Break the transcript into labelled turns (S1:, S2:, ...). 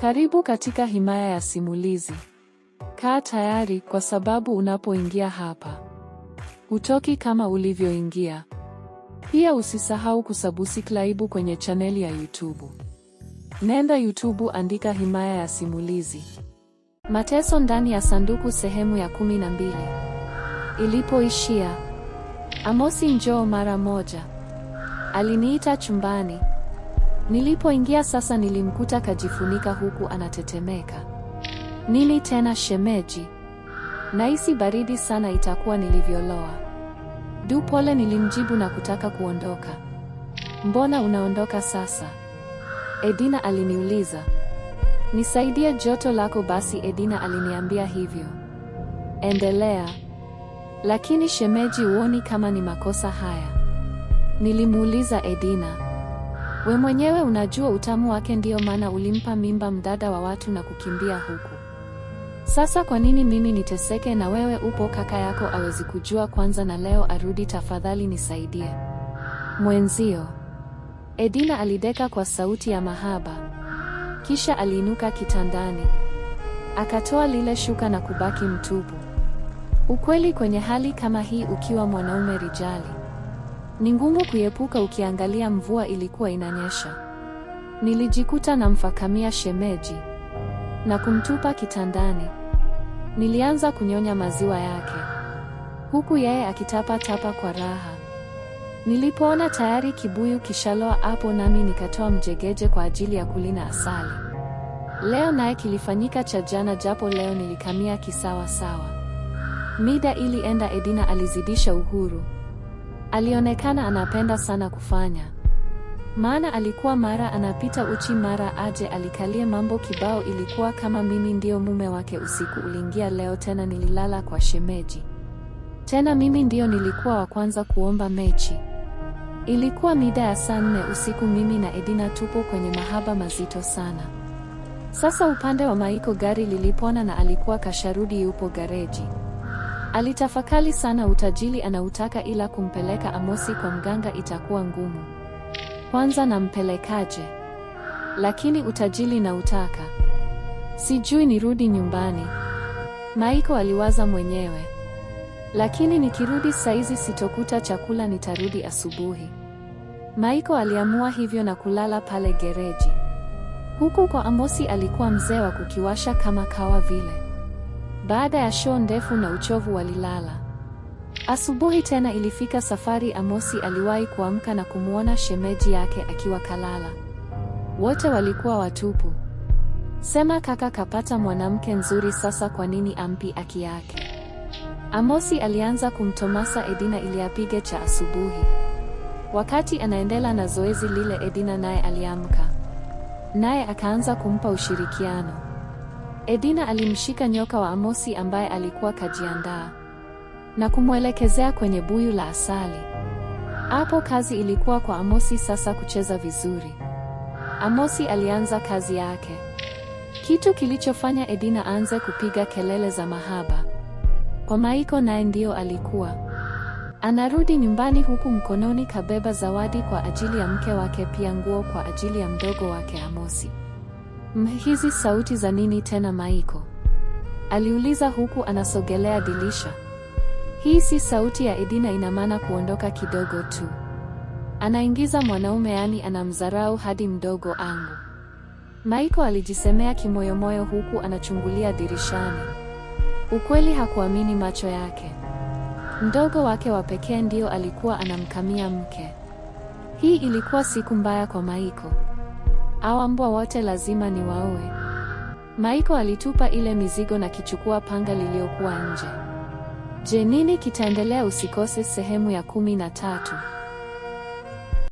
S1: Karibu katika himaya ya simulizi. Kaa tayari kwa sababu unapoingia hapa hutoki kama ulivyoingia. Pia usisahau kusabusi klaibu kwenye chaneli ya YouTube. Nenda YouTube, andika himaya ya simulizi. Mateso ndani ya sanduku sehemu ya kumi na mbili. Ilipoishia. Amosi njoo mara moja. Aliniita chumbani. Nilipoingia sasa nilimkuta kajifunika huku anatetemeka. Nili tena shemeji, nahisi baridi sana, itakuwa nilivyoloa. Du, pole, nilimjibu na kutaka kuondoka. Mbona unaondoka sasa? Edina aliniuliza. Nisaidie joto lako basi, Edina aliniambia hivyo. Endelea. Lakini shemeji, huoni kama ni makosa haya? Nilimuuliza Edina. We mwenyewe unajua utamu wake, ndiyo maana ulimpa mimba mdada wa watu na kukimbia huku. Sasa kwa nini mimi niteseke na wewe upo? Kaka yako awezi kujua kwanza, na leo arudi, tafadhali nisaidie mwenzio. Edina alideka kwa sauti ya mahaba, kisha aliinuka kitandani akatoa lile shuka na kubaki mtupu. Ukweli, kwenye hali kama hii, ukiwa mwanaume rijali ni ngumu kuiepuka ukiangalia mvua ilikuwa inanyesha. Nilijikuta namfakamia shemeji na kumtupa kitandani. Nilianza kunyonya maziwa yake huku yeye akitapatapa kwa raha. Nilipoona tayari kibuyu kishaloa hapo, nami nikatoa mjegeje kwa ajili ya kulina asali. Leo naye kilifanyika cha jana, japo leo nilikamia kisawa sawa. Mida ilienda, Edina alizidisha uhuru. Alionekana anapenda sana kufanya, maana alikuwa mara anapita uchi, mara aje alikalie mambo kibao. Ilikuwa kama mimi ndiyo mume wake. Usiku uliingia leo tena, nililala kwa shemeji tena mimi ndiyo nilikuwa wa kwanza kuomba mechi. Ilikuwa mida ya saa nne usiku, mimi na Edina tupo kwenye mahaba mazito sana. Sasa upande wa Maiko gari lilipona na alikuwa kasharudi yupo gareji. Alitafakali sana utajiri anautaka ila kumpeleka Amosi kwa mganga itakuwa ngumu. Kwanza nampelekaje? Lakini utajiri nautaka. Sijui nirudi nyumbani. Maiko aliwaza mwenyewe. Lakini nikirudi saizi sitokuta chakula nitarudi asubuhi. Maiko aliamua hivyo na kulala pale gereji. Huku kwa Amosi alikuwa mzee wa kukiwasha kama kawa vile. Baada ya show ndefu na uchovu walilala. Asubuhi tena ilifika safari Amosi aliwahi kuamka na kumwona shemeji yake akiwa kalala. Wote walikuwa watupu. Sema kaka kapata mwanamke nzuri sasa kwa nini ampi aki yake? Amosi alianza kumtomasa Edina ili apige cha asubuhi. Wakati anaendelea na zoezi lile Edina naye aliamka. Naye akaanza kumpa ushirikiano. Edina alimshika nyoka wa Amosi ambaye alikuwa kajiandaa na kumwelekezea kwenye buyu la asali. Hapo kazi ilikuwa kwa Amosi sasa kucheza vizuri. Amosi alianza kazi yake. Kitu kilichofanya Edina anze kupiga kelele za mahaba kwa Maiko, naye ndiyo alikuwa anarudi nyumbani, huku mkononi kabeba zawadi kwa ajili ya mke wake, pia nguo kwa ajili ya mdogo wake Amosi. Mhizi sauti za nini tena Maiko? Aliuliza huku anasogelea dirisha. Hii si sauti ya Edina ina maana kuondoka kidogo tu. Anaingiza mwanaume yani anamdharau hadi mdogo angu. Maiko alijisemea kimoyomoyo huku anachungulia dirishani. Ukweli hakuamini macho yake. Mdogo wake wa pekee ndiyo alikuwa anamkamia mke. Hii ilikuwa siku mbaya kwa Maiko. Hawa mbwa wote lazima niwaue. Maiko alitupa ile mizigo na kichukua panga liliokuwa nje. Je, nini kitaendelea? Usikose sehemu ya kumi na tatu.